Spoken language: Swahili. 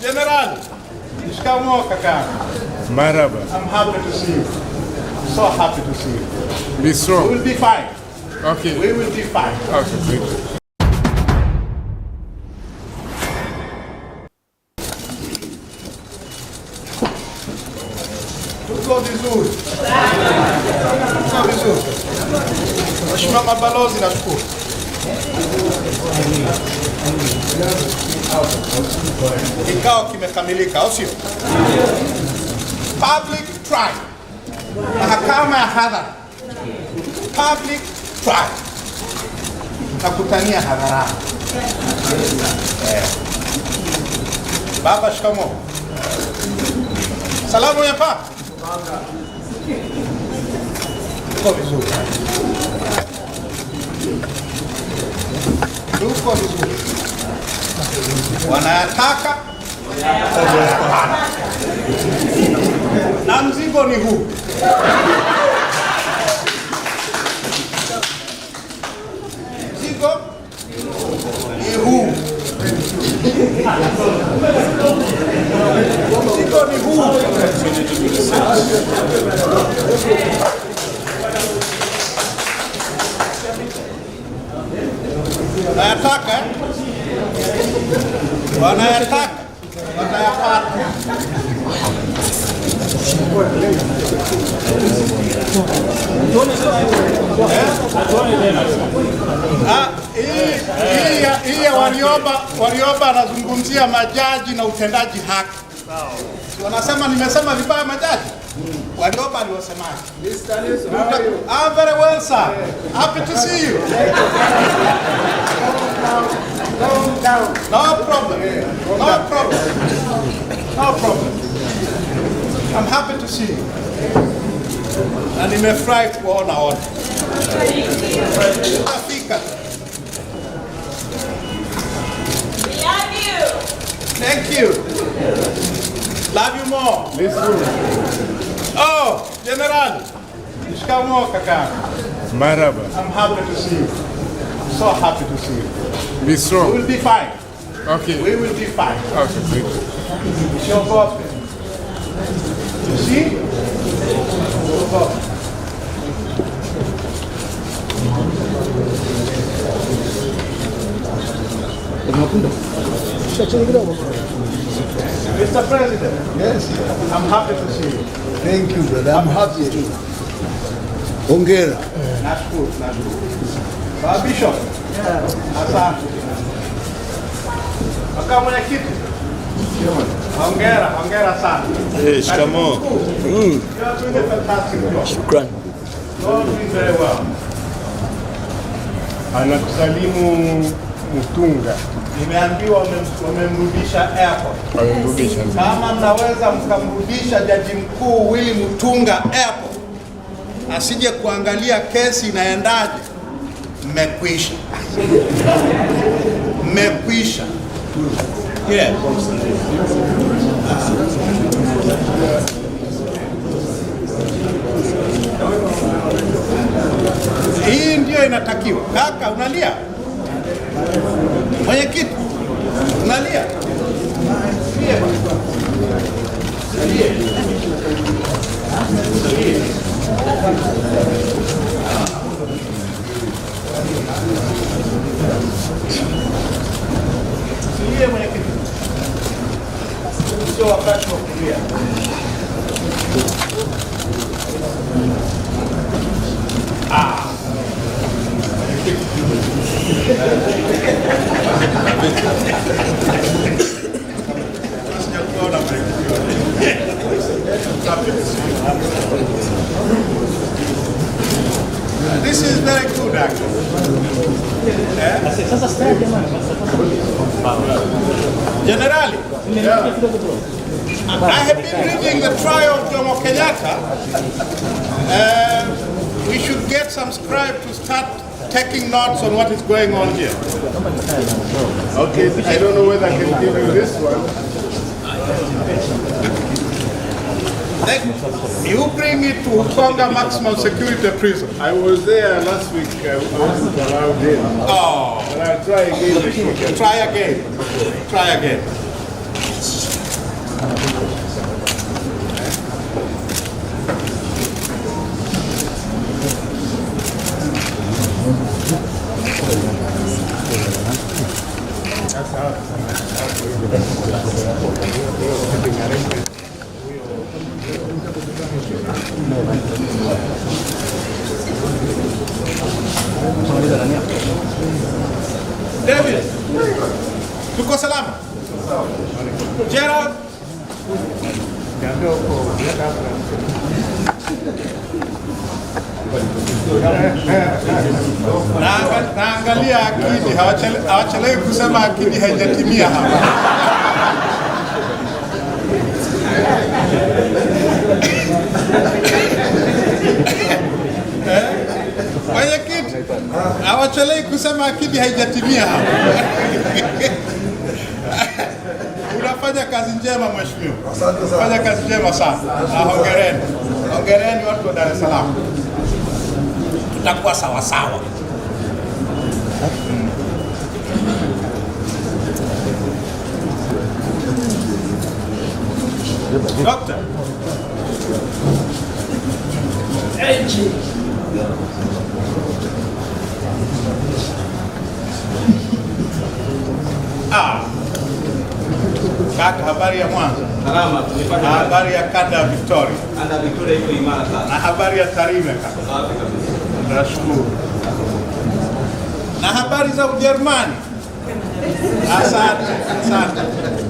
General, it's Kamoka Kaka. Maraba. I'm happy to see you. So happy to see you. Be strong. We'll be fine. Okay. We will be fine. Okay, thank you. vizuri mheshimiwa mabalozi nashukuru Recalque, família, senhor. Public trial. Mahakama a hadhara. Public trial. Nakutania é Baba, shikamoo. Salamu ya papa. Iko vizuri. Tuko vizuri, wanayataka na mzigo ni huu. Mzigo ni huu, mzigo ni huu. wanayataka watayapata. Eh? Hii ya Warioba anazungumzia majaji na utendaji haki, wanasema nimesema vibaya majaji. Warioba aliwasemaje? I'm ah, very well sir. Happy to see you. No, no, No problem. No problem. No problem. I'm happy to see you. And in a fright to honor all. Africa. We love you. Thank you. Love you more. Listen. Oh, General. Ishkamoka. Maraba. I'm happy to see you so happy to see you. Be strong. We'll be fine. Okay. We will be fine. Okay, thank you. It's your birthday. You see? Your birthday. Mr. President. Yes. I'm happy to see you. Thank you, brother. I'm happy. Hongera. That's good. That's good. mwenyekiti. Hongera, hongera sana. Eh, shikamoo. Mm. Shukrani. Anakusalimu Mtunga. Nimeambiwa wamemrudisha airport. Kama mnaweza mkamrudisha Jaji Mkuu Willy Mutunga airport asije kuangalia kesi inaendaje. Mmekwisha, mmekwisha. Yeah. Hii ndio inatakiwa. Kaka, unalia mwenyekiti, unalia Sim, amanhã que O seu abraço não podia. Ah! Thank you. This is very good, actually. Yeah? Generally, yeah. I have been reading the trial of Jomo Kenyatta. Uh, we should get some scribe to start taking notes on what is going on here. Okay, I don't know whether I can give you this one you bring it to Ukonga maximum security prison. I was there last week. Uh, I wasn't allowed in. Oh. But I'll try again. Try again. Try again. David, tuko salama? Gerald, naangalia akili, hawachelewi kusema akili haijatimia hapa. hatuelewi kusema akili haijatimia hapo. Unafanya kazi njema mheshimiwa, fanya kazi njema sana ah, na hongereni, hongereni watu wa Dar es Salaam, tutakuwa sawasawa. Dokta, A. Ah. Kaka, habari ya Mwanza, salama. Tulipata ah, habari ya kanda ya Victoria, kanda Victoria iko imara sana, na habari ya Tarime kaka, safi kabisa, tunashukuru. Na habari za Ujerumani, asante, asante.